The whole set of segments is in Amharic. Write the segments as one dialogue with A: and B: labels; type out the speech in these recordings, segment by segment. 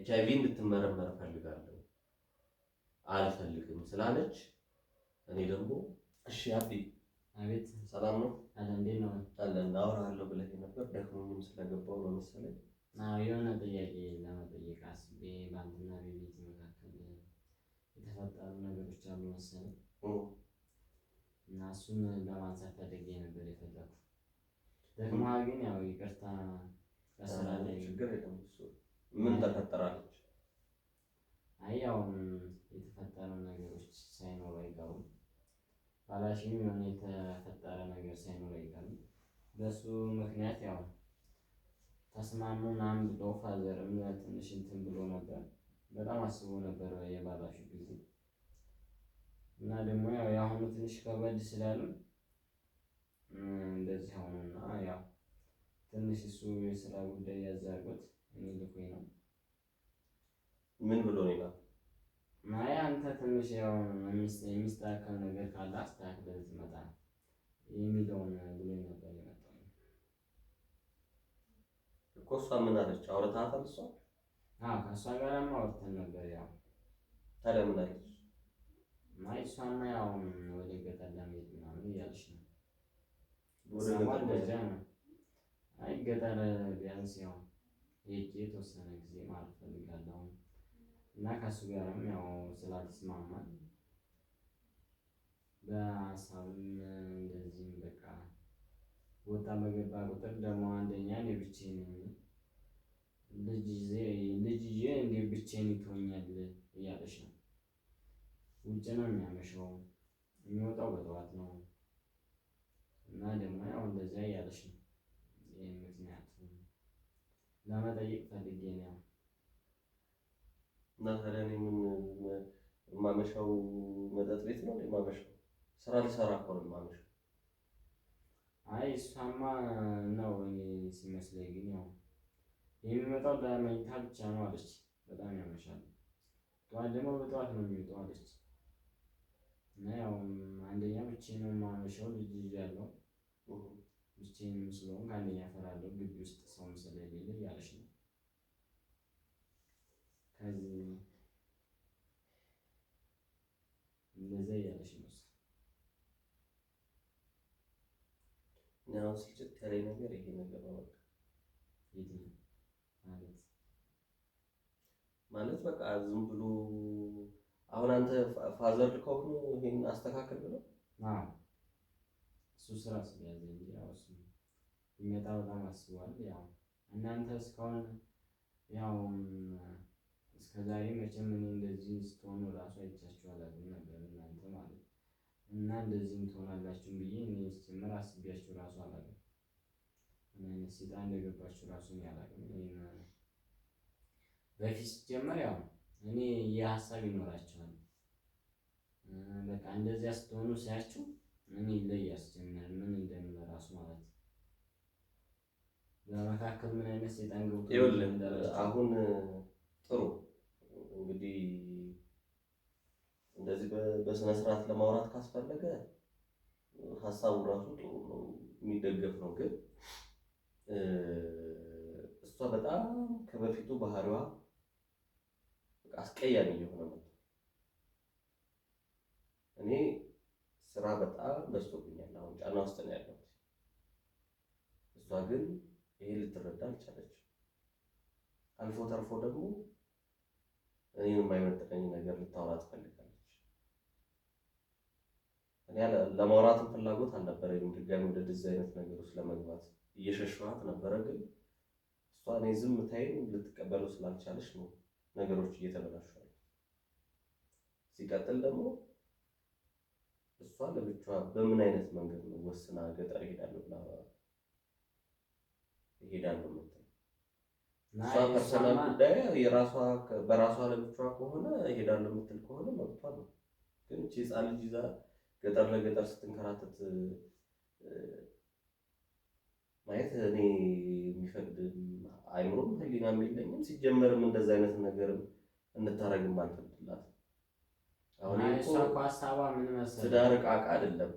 A: ኤች አይቪ እንድትመረመር ፈልጋለሁ አልፈልግም ስላለች እኔ ደግሞ እሺ አቢ አቤት ሰላም ነው እንዴት ነው አለን አወራለሁ ብለህ ነበር ደክሞኝም ስለገባው ነው መሰለኝ
B: የሆነ ጥያቄ ለመጠየቅ አስቤ በአንተና በቤት መካከል የተፈጠሩ ነገሮች አሉ መሰለኝ እና እሱን ለማንሳት ፈልጌ ነበር የፈለኩት ደግሞ ግን ያው ይቅርታ
A: ላይ ችግር የለም ምን ተፈጠራለች?
B: አይ ያው የተፈጠረ ነገሮች ሳይኖሩ አይቀሩም። ባላሽም የሆነ የተፈጠረ ነገር ሳይኖር አይቀርም። በሱ ምክንያት ያው ተስማሙ ምናምን ብሎ ፋዘርም ትንሽ እንትን ብሎ ነበር። በጣም አስቦ ነበር የባላሹ ጊዜ እና ደግሞ ያው የአሁኑ ትንሽ ከበድ ስላሉ እንደዚህ አሁኑና ያው ትንሽ እሱ የስራ ጉዳይ ያዛርጉት ሊልኩኝ ነው።
A: ምን ብሎ ነው ይላል?
B: ማያ አንተ ትንሽ ያው የሚስተካከል ነገር ካለ አስተካክለህ ትመጣ የሚለውን ብሎኝ ነበር የመጣው
A: እኮ። እሷ ምን አለች? አውርተሃታል? እሷ
B: ከእሷ ጋርማ አውርተን ነበር። ያው
A: ታዲያ ምን አለች?
B: ማይ እሷማ ያው ወደ ገጠር ለመሄድ ምናምን እያለች ነው። ወደ ገጠር ነው። አይ ገጠር ቢያንስ ያው ሄጄ የተወሰነ ጊዜ ማረፍ እፈልጋለሁ። እና ከእሱ ጋርም ያው ስላልስማማን በሀሳብም እንደዚህም በቃ ወጣ በገባ ቁጥር ደግሞ አንደኛ እኔ ብቻዬን ልጅ ይዤ ልጅ ብቻዬን ትሆኛለህ እያለች ነው። ውጭ ነው የሚያመሸው የሚወጣው በጠዋት ነው። እና ደግሞ ያው እንደዚያ እያለች ነው ይሄ ምክንያቱም ለመጠየቅ ፈልጌ ነው።
A: እና ታዲያ እኔ ምን የማመሻው መጠጥ ቤት ነው የማመሻው? ስራ ልሰራ እኮ ነው የማመሻው።
B: አይ እሷማ ነው ሲመስለኝ፣ ግን ያው የሚመጣው ለመኝታ ብቻ ነው አለች። በጣም ያመሻል። ጠዋት ደግሞ በጠዋት ነው የሚወጣው አለች። እና ያው አንደኛ ብቻዬን ነው የማመሻው ልጅ ያለው ብቻዬንም ስለሆንኩ አንደኛ እፈራለሁ፣ ግቢ ውስጥ ሰውም ስለሌለ እያለች ነው። ከዚህ እንደዛ እያለች ነው
A: ነገር ይሄ ነገር ነው ማለት ማለት በቃ ዝም ብሎ አሁን አንተ ፋዘር ልከው ነው ይሄን አስተካክል ብለው
B: እሱ ስራ ስለያዘ እንጂ ያው እሱ ቢመጣ በጣም አስቧል። ያው እናንተ እስካሁን ያው እስከዛሬ መቼም እኔ እንደዚህ ስትሆኑ ራሱ አይቻችሁ አላውቅም ነበር እናንተ ማለት እና እንደዚህም ትሆናላችሁ ብዬ እኔ ስጀምር አስቤያችሁ ራሱ አላውቅም። ምን አይነት ሴጣን እንደገባችሁ ራሱ እኔ አላውቅም። በፊት ስጀምር ያው እኔ የሀሳብ ይኖራቸዋል በቃ እንደዚያ ስትሆኑ ሳያችሁ ምን ይለይ ያስጀምናል ምን እንደምን ራሱ ማለት ለመካከል ምን አይነት ሰይጣን ገብቶ
A: ይኸውልህ አሁን ጥሩ እንግዲህ እንደዚህ በስነ ስርዓት ለማውራት ካስፈለገ ሀሳቡ ራሱ ጥሩ ነው፣ የሚደገፍ ነው። ግን እሷ በጣም ከበፊቱ ባህሪዋ አስቀያሚ የሆነ ነው እኔ ስራ በጣም በዝቶብኛል፣ አሁን ጫና ውስጥ ነው ያለሁት። እሷ ግን ይሄ ልትረዳ አልቻለች። አልፎ ተርፎ ደግሞ እኔን የማይመጥነኝ ነገር ልታወራ ትፈልጋለች። እኔ ለማውራትም ፍላጎት አልነበረኝም ድጋሚ ወደ ድዚ አይነት ነገሮች ለመግባት እየሸሸኋት ነበረ። ግን እሷ እኔ ዝምታዬን ልትቀበለው ስላልቻለች ነው ነገሮች እየተበላሹ ሲቀጥል ደግሞ እሷ ለብቻ በምን አይነት መንገድ ነው ወስና ገጠር እሄዳለሁ ብላ እሄዳለሁ የምትለው? እሷ ፐርሰናል ጉዳይ የራሷ በራሷ ለብቻ ከሆነ እሄዳለሁ ምትል ከሆነ መብቷ ነው። ግን እቺ ህፃን ልጅ ይዛ ገጠር ለገጠር ስትንከራተት ማየት እኔ የሚፈቅድ አይምሮም ህሊናም የለኝም። ሲጀመርም እንደዛ አይነት ነገር እንታረግም አልፈቅድላት
B: ትዳር
A: ዕቃ ዕቃ አይደለም።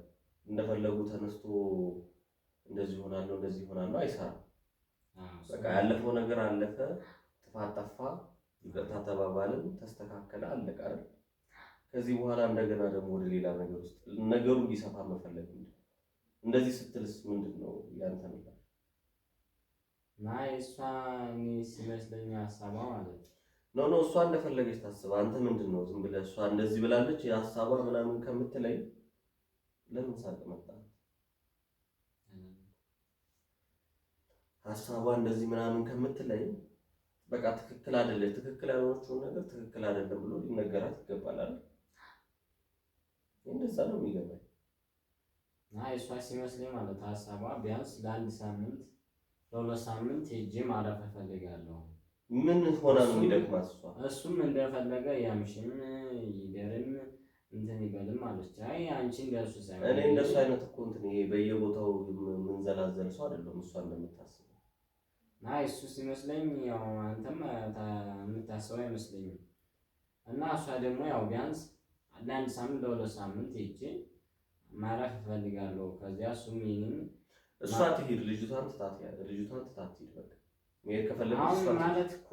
A: እንደፈለጉ ተነስቶ እንደዚህ ሆናለሁ እንደዚህ ሆናለሁ አይሰራም። በቃ ያለፈው ነገር አለፈ፣ ጥፋት ጠፋ፣ ይቅርታ ተባባልን፣ ተስተካከለ፣ አለቀ አይደል? ከዚህ በኋላ እንደገና ደግሞ ወደ ሌላ ነገር ውስጥ ነገሩ እንዲሰፋ መፈለግ ምንድን እንደዚህ ስትልስ ምንድን ነው ያንተ
B: እሷ ሲመስለኝ ሀሳቧ ማለት ነው
A: ነው ነው እሷ እንደፈለገች ታስብ። አንተ ምንድን ነው ዝም ብለህ እሷ እንደዚህ ብላለች የሀሳቧ ምናምን ከምትለይ ለምን ሳቅ መጣ? ሀሳቧ እንደዚህ ምናምን ከምትለይ በቃ ትክክል አይደለች፣ ትክክል ያልሆነችውን ነገር ትክክል አይደለም ብሎ ሊነገራት ይገባል አይደል? እንደዛ ነው የሚገባኝ።
B: አይ እሷ ሲመስለኝ ማለት ሀሳቧ ቢያንስ ለአንድ ሳምንት ለሁለት ሳምንት ሄጄ ማረፍ እፈልጋለሁ
A: ምን ሆና ነው የሚደክማት?
B: እሱም እንደፈለገ ያምሽም ይደርም እንትን ይበልም አለች። አይ አንቺ እንደሱ ሳይሆን
A: እኔ እንደሱ አይነት እኮ እንትን ይሄ በየቦታው የምንዘላዘል ሰው አይደለም እሷ እንደምታስበው።
B: አይ እሱ ሲመስለኝ ያው አንተም የምታስበው አይመስለኝም። እና እሷ ደግሞ ያው ቢያንስ ለአንድ ሳምንት ለሁለት ሳምንት ሄጄ ማረፍ እፈልጋለሁ። ከዚያ እሱም ይህንን
A: እሷ ትሄድ ልጅቷን ትታት ልጅቷን ትታት ሂድ በቃ አሁን
B: ማለት እኮ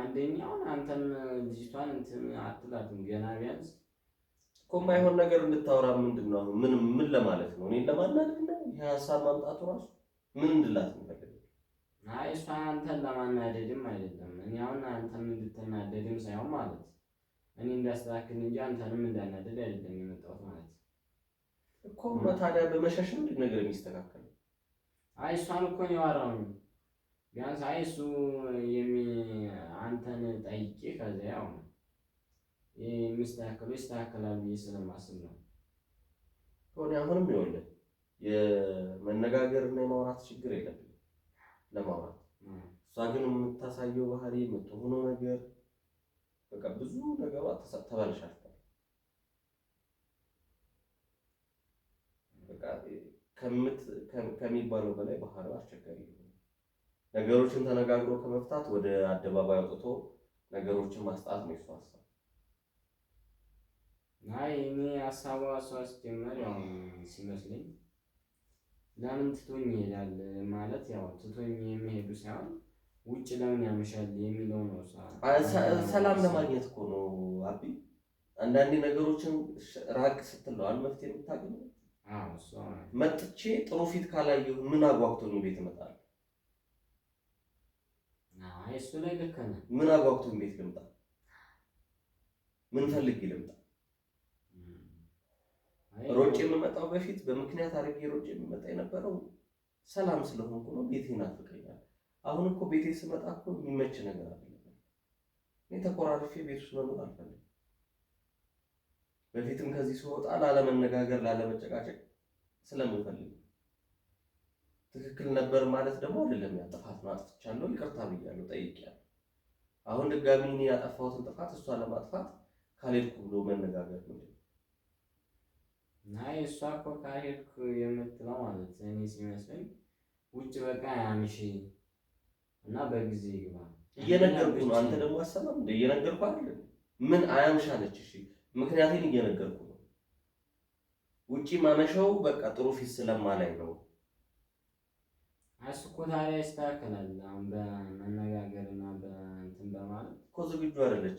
B: አንደኛውን አንተም ልጅቷን እንትን አትላትም ገና ቢያንስ
A: እኮ የማይሆን ነገር እንድታወራ ምንድን ነው? ምን ምን ለማለት ነው? እኔን ለማናደድ ነው? ይህ ሀሳብ ማምጣቱ ራሱ ምን እንድላት እንፈልግ?
B: አይ እሷ አንተን ለማናደድም አይደለም። እኔ አሁን አንተም እንድትናደድም ሳይሆን ማለት እኔ እንዳስተካክል እንጂ አንተንም እንዳናደድ አይደለም የመጣሁት ማለት
A: እኮ። ታዲያ በመሸሽ ምንድን ነገር የሚስተካከል?
B: አይ እሷን እኮ ነው ያወራሁኝ ቢያንስ አይ እሱ አንተን ጠይቄ ከዚያ ያው ነው የሚስተካከለው ይስተካከላል ብዬ ስለማስብ ነው።
A: ከሆነ አሁንም ይኸውልህ የመነጋገርና የማውራት ችግር የለብንም ለማውራት። እሷ ግን የምታሳየው ባህሪ የምትሆነው ነገር በቃ ብዙ ነገሯ ተበላሽታለች። በቃ ከሚባለው በላይ ባህሪዋ አስቸጋሪ ነው። ነገሮችን ተነጋግሮ ከመፍታት ወደ አደባባይ አውጥቶ ነገሮችን ማስጣት ነው የሱ ሀሳብ።
B: አይ እኔ ሀሳቧ እሷ ሲጀመር ያው ሲመስለኝ ለምን ትቶኝ ይሄዳል ማለት ያው ትቶኝ የሚሄዱ ሳይሆን ውጭ ለምን ያመሻል የሚለው ነው።
A: ሰላም ለማግኘት እኮ ነው አቢ። አንዳንዴ ነገሮችን ራቅ ስትል ነው አልመፍትሄ የምታገኘው። መጥቼ ጥሩ ፊት ካላየሁ ምን አጓግቶኝ ቤት እመጣለሁ?
B: እሱ ላይ ልክ ነህ።
A: ምን አጓግቶ ቤት ልምጣ? ምን ፈልጌ ልምጣ? ሮጬ የምመጣው በፊት በምክንያት አድርጌ ሮጬ የምመጣ የነበረው ሰላም ስለሆንኩ ነው። ቤቴ ናፍቀኛል። አሁን እኮ ቤቴ ስመጣ እኮ የሚመች ነገር አለ። እኔ ተኮራርፌ ቤት ውስጥ መኖር አልፈልግም። በፊትም ከዚህ ስወጣ ላለመነጋገር፣ ላለመጨቃጨቅ ስለምንፈልግ ትክክል ነበር ማለት ደግሞ አይደለም። ያ ጥፋት ማጥፍቻለሁ፣ ይቅርታ ብያለሁ፣ ጠይቄያለሁ። አሁን ድጋሚ እኔ ያጠፋሁትን ጥፋት እሷ ለማጥፋት ካልሄድኩ ብሎ መነጋገር ነው።
B: አይ እሷ እኮ ካልሄድኩ የምትለው ማለት እኔ ሲመስለኝ ውጭ በቃ ያምሽ እና በጊዜ ይግባ
A: እየነገርኩ ነው። አንተ ደግሞ አሰማም እንደ እየነገርኩ አለ ምን አያምሻ ነች። እሺ ምክንያቱም እየነገርኩ ነው። ውጪ ማመሻው በቃ ጥሩ ፊት ስለማላይ ነው
B: እኮ ታዲያ ይስተካከላል። አሁን በእንትን በማለት
A: እኮ ዝግጁ አይደለች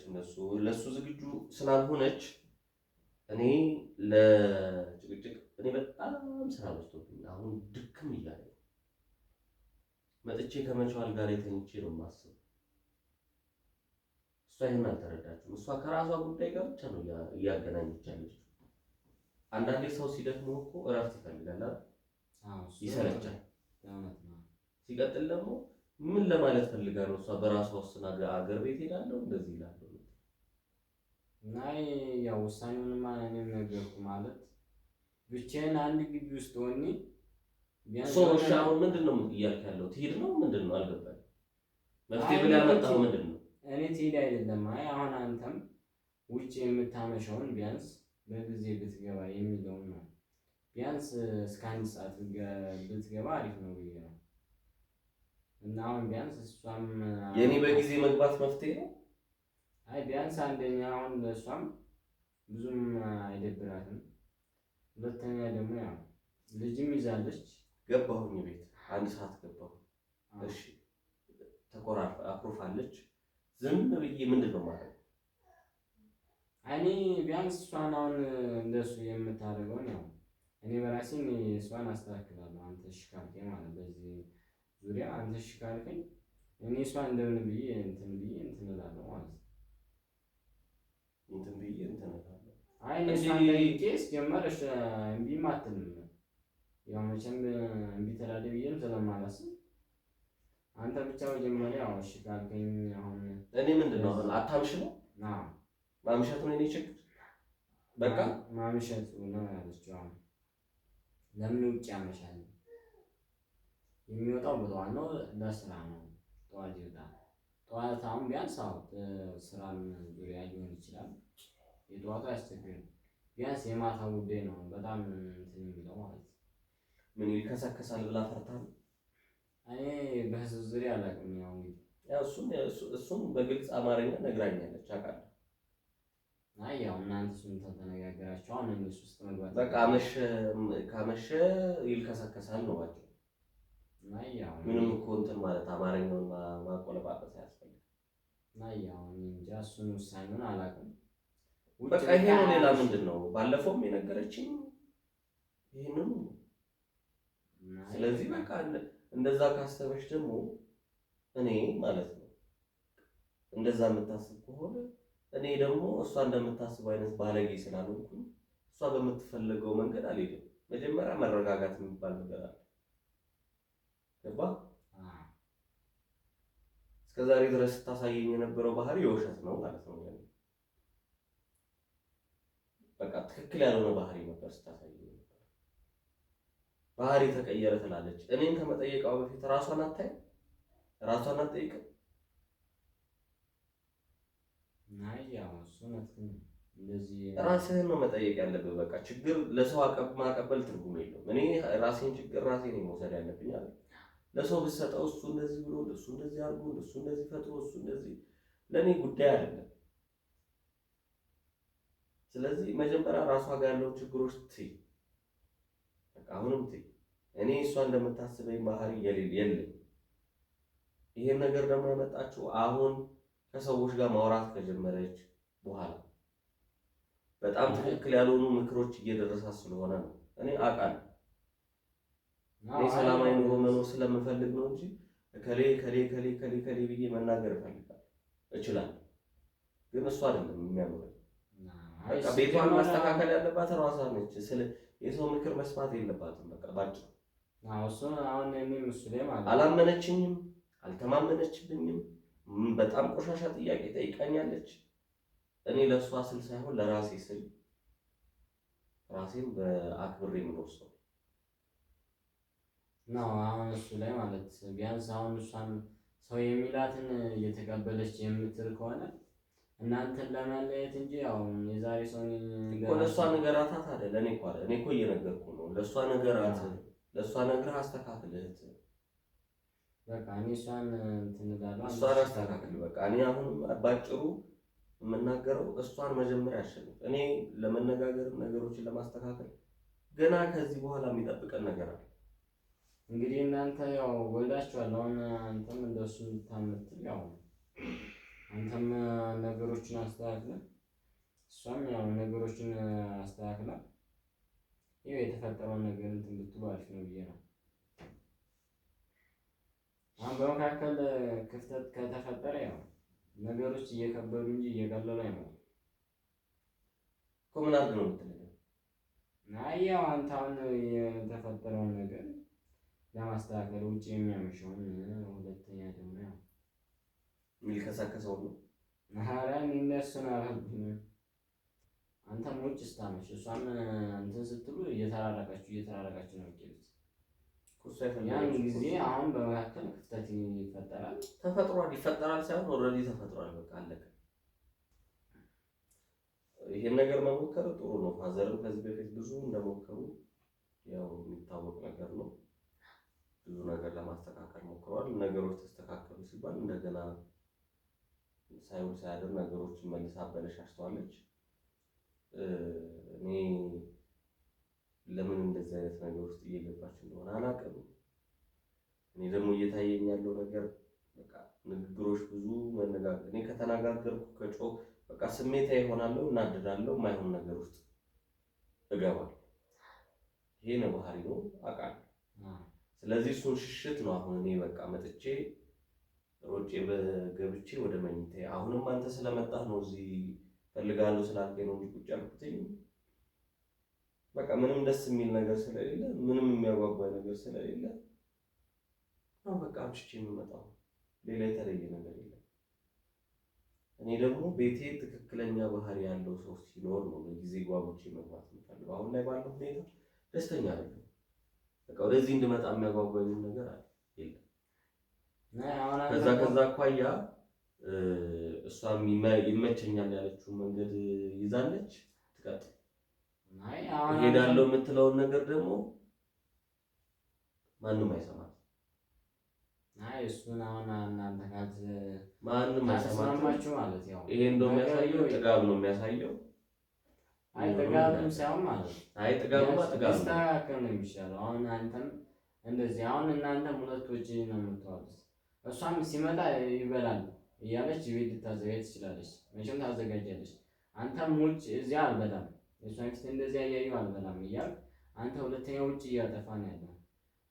A: ዝግጁ ስላልሆነች እኔ ለጭቅጭቅ እኔ በጣም ስራ በዝቶብኝ አሁን ድክም እያለ መጥቼ ከመቻዋል ነው የማስበው። እሷ ይህን አልተረዳችም። እሷ ከራሷ ጉዳይ ጋር ብቻ ነው እያገናኘች ያለችው። አንዳንዴ ሰው ሲደክመው እኮ እረፍት ይፈልጋል፣ ይሰለቻል ሲቀጥል ደግሞ ምን ለማለት ፈልጋ ነው እሷ በራሷ ወስና አገር ቤት ሄዳለሁ እንደዚህ ይላለሁ።
B: እና ያው ውሳኔውን እኔም ነገርኩ ማለት ብቻዬን አንድ ግቢ ውስጥ ሆኜ
A: ሶሻ አሁን ምንድን ነው እያልክ ያለው ትሄድ ነው ምንድን ነው አልገባኝም። መፍትሄ ብላ ያመጣው ምንድን ነው?
B: እኔ ትሄድ አይደለም። አይ አሁን አንተም ውጭ የምታመሻውን ቢያንስ በጊዜ ብትገባ የሚለውን ነው። ቢያንስ እስከ አንድ ሰዓት ብትገባ አሪፍ ነው ብዬ ነው እና አሁን ቢያንስ እሷም
A: የኔ በጊዜ መግባት መፍትሄ ነው።
B: አይ ቢያንስ አንደኛ አሁን እሷም ብዙም አይደብራትም። ሁለተኛ ደግሞ ያው ልጅም ይዛለች።
A: ገባሁኝ ቤት አንድ ሰዓት ገባሁ። እሺ ተቆራርፋ አኩርፋለች። ዝም ብዬ ምንድን ነው ማለት
B: እኔ ቢያንስ እሷን አሁን እንደሱ የምታደርገውን ያው እኔ በራሴ እሷን አስተካክላለሁ። አንተ ሽካርቴ ማለት በዚህ ዙሪያ አንተ እሺ ካልከኝ እኔ እሷን እንደምን ብዬ እንትን ብዬ እንትን እላለሁ ማለት ነው።
A: እንትን ብዬ እንትን እላለሁ።
B: አይ እሷን ጠይቄ ስጀመር እምቢም አትልም። ያው መቼም እምቢ ትላለህ ብዬም ስለማላስብ አንተ ብቻ መጀመሪያ ያው እሺ ካልከኝ አሁን
A: እኔ ምንድን ነው አታምሽ ነው ማምሸት ነው የእኔ ችግር። በቃ
B: ማምሸቱ ነው ያለችው። አሁን ለምን ውጭ ያመሻል? የሚወጣው በጠዋት ነው ለስራ ነው ጠዋት ይወጣል። ጠዋት አሁን ቢያንስ አዎ ስራም ዙሪያ ሊሆን ይችላል። የጠዋቱ አያስቸግርም ቢያንስ የማታ ጉዳይ ነው በጣም እንትን የሚለው ማለት ነው።
A: ምን ይከሰከሳል ብላ ፈርታል።
B: እኔ በህዝብ ዙሪያ አላውቅም። ያው
A: እንግዲህ እሱም በግልጽ አማርኛ ነግራኛለች አውቃለሁ።
B: አይ ያው እናንተ እሱን ተነጋገራችሁ አሁን እነሱ ውስጥ መግባት
A: በቃ አመሸ ካመሸ ይልከሰከሳል ነው ባጭሩ ምንም እኮ እንትን ማለት አማርኛውን ማቆለጳጰስ አያስፈልግም።
B: እሱን ውሳኔውን አላውቅም።
A: በቃ ይሄ ነው። ሌላ ምንድን ነው? ባለፈውም የነገረችኝ ይህንም። ስለዚህ በቃ እንደዛ ካሰበች ደግሞ እኔ ማለት ነው እንደዛ የምታስብ ከሆነ እኔ ደግሞ እሷ እንደምታስብ አይነት ባለጌ ስላልሆንኩኝ እሷ በምትፈልገው መንገድ አልሄድም። መጀመሪያ መረጋጋት የሚባል ነገር አለ። ገባ ዛሬ ድረስ ስታሳየኝ የነበረው ባህሪ የውሸት ነው ማለት ነው። በቃ ትክክል ያልሆነ ባህሪ ነበር ስታሳየኝ ነበር። ባህሪ ተቀየረ ትላለች። እኔን ከመጠየቀው በፊት ራሷን አታይ ራሷን አትጠይቅም። ራስህን ነው መጠየቅ ያለብህ። በቃ ችግር ለሰው ማቀበል ትርጉም የለውም። እኔ ራሴን ችግር ራሴ ነው መውሰድ ያለብኝ አለ ለሰው ብሰጠው እሱ እንደዚህ ብሎ እሱ እንደዚህ አድርጎ እሱ እንደዚህ ፈጥሮ እሱ እንደዚህ ለእኔ ጉዳይ አይደለም። ስለዚህ መጀመሪያ ራሷ ጋር ያለው ችግሮች ትይ፣ አሁንም ትይ። እኔ እሷ እንደምታስበኝ ባህሪ የለም። ይሄን ነገር ደግሞ የመጣችው አሁን ከሰዎች ጋር ማውራት ከጀመረች በኋላ በጣም ትክክል ያልሆኑ ምክሮች እየደረሳት ስለሆነ ነው። እኔ አውቃለሁ። እኔ ሰላማዊ ኑሮ መኖር ስለምፈልግ ነው እንጂ ከሌ ከሌ ከሌ ከሌ ከሌ ብዬ መናገር እፈልጋለሁ እችላለሁ። ግን እሱ አይደለም የሚያምረው። በቃ ቤቷን ማስተካከል ያለባት ራሷ ነች። ስለ የሰው ምክር መስማት የለባትም። በቃ ባጭሩ አላመነችኝም፣ አልተማመነችብኝም። በጣም ቆሻሻ ጥያቄ ጠይቃኛለች። እኔ ለእሷ ስል ሳይሆን ለራሴ ስል ራሴም በአክብሬ የምኖር
B: ነው። አሁን እሱ ላይ ማለት ቢያንስ አሁን እሷን ሰው የሚላትን እየተቀበለች የምትል ከሆነ እናንተን ለመለየት እንጂ ያው የዛሬ ሰው
A: ለእሷ ነገራታ ታዲያ ለእኔ እኮ እኔ እኮ እየነገርኩ ነው። ለእሷ ነገራት፣ ለእሷ ነግረህ አስተካክልህ።
B: በቃ እኔ እሷን ትንጋለህ፣
A: እሷን አስተካክል። በቃ እኔ አሁን ባጭሩ የምናገረው እሷን መጀመሪያ ያሸንፍ። እኔ ለመነጋገርም ነገሮችን ለማስተካከል ገና ከዚህ በኋላ የሚጠብቀን ነገር አለ።
B: እንግዲህ እናንተ ያው ወልዳችኋል። አሁን አንተም እንደሱ እንድታመጥ ያው አንተም ነገሮችን አስተካክለ እሷም ያው ነገሮችን አስተካክላ ይኸው የተፈጠረውን ነገር እንትን ብትሉ አሪፍ ነው ብዬ ነው። አሁን በመካከል ክፍተት ከተፈጠረ ያው ነገሮች እየከበዱ እንጂ እየቀለሉ አይሆንም
A: እኮ። ምን አድርገው ነው የምትለው?
B: አይ ያው አንተ አሁን የተፈጠረውን ነገር ለማስተካከል ውጭ የሚያመሸውን ሁለተኛ ደግሞ ያው
A: የሚልከሰከሰው ነው።
B: ኧረ እኔ እነሱን አላልኩም። አንተም ውጭ ስታመሽ እሷም እንትን ስትሉ እየተራራቃችሁ እየተራራቃችሁ ነው የምትሄዱት። ያን ጊዜ አሁን በመካከል ክፍተት ይፈጠራል።
A: ተፈጥሯል ይፈጠራል ሳይሆን ኦልሬዲ ተፈጥሯል። በቃ አለቀ። ይህን ነገር መሞከር ጥሩ ነው። ፋዘርም ከዚህ በፊት ብዙ እንደሞከሩ ያው የሚታወቅ ነገር ነው። ብዙ ነገር ለማስተካከል ሞክረዋል። ነገሮች ተስተካከሉ ሲባል እንደገና ሳይሆን ሳያድር ነገሮችን መልሳ አበለሻሽተዋለች። እኔ ለምን እንደዚህ አይነት ነገር ውስጥ እየገባች እንደሆነ አላውቅም። እኔ ደግሞ እየታየኝ ያለው ነገር በቃ ንግግሮች ብዙ መነጋገር እኔ ከተናጋገርኩ ከጮህ በቃ ስሜታዊ እሆናለሁ፣ እናደዳለሁ፣ ማይሆን ነገር ውስጥ እገባለሁ። ይሄ ነው ባህሪ ነው አውቃለሁ። ስለዚህ እሱን ሽሽት ነው አሁን እኔ በቃ መጥቼ ሮጬ በገብቼ ወደ መኝታ። አሁንም አንተ ስለመጣህ ነው እዚህ ፈልጋለሁ ስላልከኝ ነው እንጂ ቁጭ በቃ ምንም ደስ የሚል ነገር ስለሌለ፣ ምንም የሚያጓጓ ነገር ስለሌለ ነው በቃ አምሽቼ የምመጣው። ሌላ የተለየ ነገር የለም። እኔ ደግሞ ቤቴ ትክክለኛ ባህሪ ያለው ሰው ሲኖር ነው በጊዜ ጓጉቼ መግባት የምፈልገው። አሁን ላይ ባለው ሁኔታ ደስተኛ አይደለም። በቃ ወደዚህ እንድመጣ የሚያጓጓኝ ነገር አለ የለም። ከዛ ከዛ አኳያ እሷም ይመቸኛል ያለችውን መንገድ ይዛለች ትቀጥል። ሄዳለው የምትለውን ነገር ደግሞ ማንም አይሰማትም።
B: አይ እሱን አሁን እናንተ ካልተ ማንም አይሰማትም ማለት ያው
A: ይሄ እንደው የሚያሳየው ጥጋብ ነው የሚያሳየው
B: አይ ጥጋብም ሳይሆን ማለት አይ ጥጋብማ ጥጋብ ስተካከል ነው የሚሻለው። አሁን አንተም እንደዚህ አሁን እናንተም ሁለት ወጪ ነው የምትዋሉት። እሷም ሲመጣ ይበላል እያለች ቤት ልታዘጋጅ ትችላለች። መቼም ታዘጋጃለች። አንተም ውጭ እዚያ አልበላም የእሷን ፊት እንደዚያ እያየሁ አልበላም እያል አንተ ሁለተኛ ውጭ እያጠፋ ነው ያለው።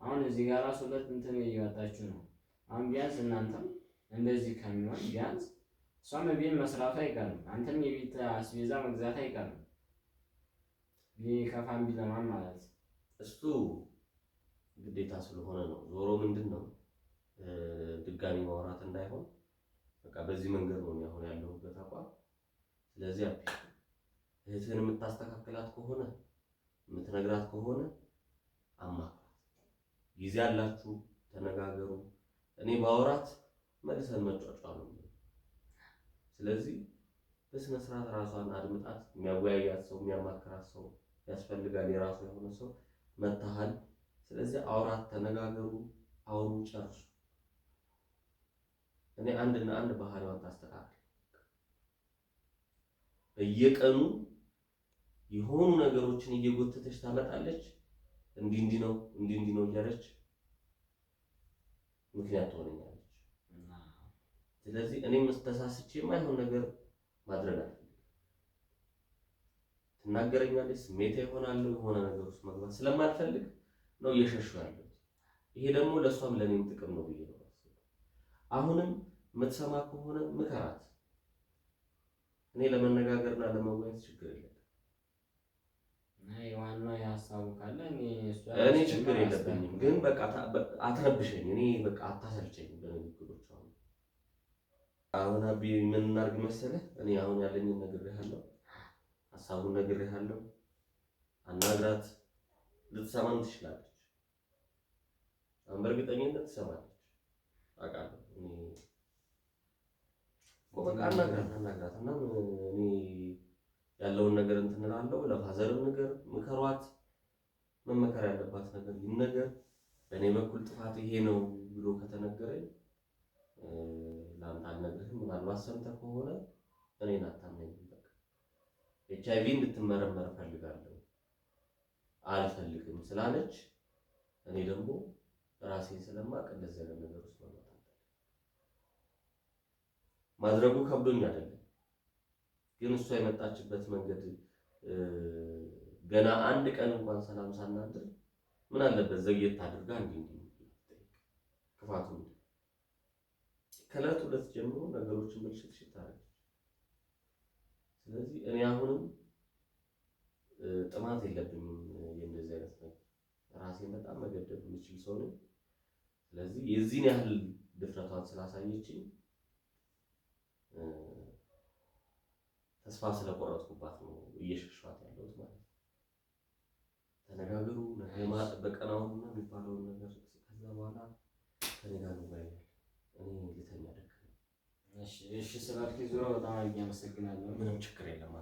B: አሁን እዚህ ጋር ራሱ ሁለት እንትን እያወጣችሁ ነው። አሁን ቢያንስ እናንተም እንደዚህ ከሚሆን ቢያንስ እሷም ቤት መስራቱ አይቀርም፣ አንተም የቤት አስቤዛ መግዛት አይቀርም። ቢከፋም ቢለማም ማለት
A: እሱ ግዴታ ስለሆነ ነው። ዞሮ ምንድን ነው ድጋሚ ማውራት እንዳይሆን በቃ በዚህ መንገድ ነው አሁን ያለሁበት አቋም። ስለዚህ እህትህን የምታስተካክላት ከሆነ የምትነግራት ከሆነ አማክራት። ጊዜ አላችሁ፣ ተነጋገሩ። እኔ ባወራት መልሰን መጫጫ ነው። ስለዚህ በስነ ስርዓት ራሷን አድምጣት። የሚያወያያት ሰው፣ የሚያማክራት ሰው ያስፈልጋል። የራሱ የሆነ ሰው መታሃል። ስለዚህ አውራት፣ ተነጋገሩ፣ አውሩ፣ ጨርሱ። እኔ አንድና አንድ ባህሪዋን ታስተካክል። በየቀኑ የሆኑ ነገሮችን እየጎተተች ታመጣለች። እንዲ እንዲ ነው እንዲ እንዲ ነው እያለች ምክንያት ትሆነኛለች። ስለዚህ እኔም ተሳስቼ የማይሆን ነገር ማድረግ አለ ትናገረኛለች፣ ስሜታ ይሆናለሁ፣ የሆነ ነገር ውስጥ መግባት ስለማልፈልግ ነው እየሸሹ ያለ ይሄ ደግሞ ለእሷም ለእኔም ጥቅም ነው ብዬ ነው። አሁንም የምትሰማ ከሆነ ምከራት። እኔ ለመነጋገርና ለመወያየት ችግር የለም። እኔ ችግር የለብኝም፣ ግን በቃ አትረብሸኝ። እኔ በቃ አታሰልቸኝ በንግግሮች። አሁን አሁን አቢ የምናርግ መሰለህ? እኔ አሁን ያለኝን ነግሬሃለሁ ሀሳቡን ነግሬሃለሁ። አናግራት፣ ልትሰማን ትችላለች። በእርግጠኝነት ትሰማለች፣ አውቃለሁ። በቃ አናግራት፣ አናግራት እና ያለውን ነገር እንትን እላለሁ። ለፋዘርም ንገር፣ ምከሯት። መመከር ያለባት ነገር ይነገር። በእኔ በኩል ጥፋት ይሄ ነው ብሎ ከተነገረኝ ለአንተ አልነግርህም። ምናልባት ሰምተህ ከሆነ እኔን አታምነኝም። ኤች አይቪ እንድትመረመር ፈልጋለሁ አልፈልግም ስላለች እኔ ደግሞ ራሴን ስለማቅ እንደዚህ አይነት ነገር ውስጥ መግባት ማድረጉ ከብዶኝ አይደለም፣ ግን እሷ የመጣችበት መንገድ ገና አንድ ቀን እንኳን ሰላም ሳናድር ምን አለበት ዘግየት አድርጋ እንዲህ ክፋቱ ከእለት ሁለት ጀምሮ ነገሮችን ምልሽት ሽት ስለዚህ እኔ አሁንም ጥማት የለብኝም የእንደዚህ አይነት ነገር ራሴን በጣም መገደብ የምችል ሰው ነኝ። ስለዚህ የዚህን ያህል ድፍረቷን ስላሳየችኝ ተስፋ ስለቆረጥኩባት ነው እየሸሸኋት ያለሁት ማለት ነው። ተነጋገሩ ነገማ በቀናውና የሚባለውን ነገር ከዛ በኋላ ተነጋግሩ ላይ እኔ
B: እሺ ስላልከኝ ዙሮ በጣም አመሰግናለሁ።
A: ምንም ችግር የለም።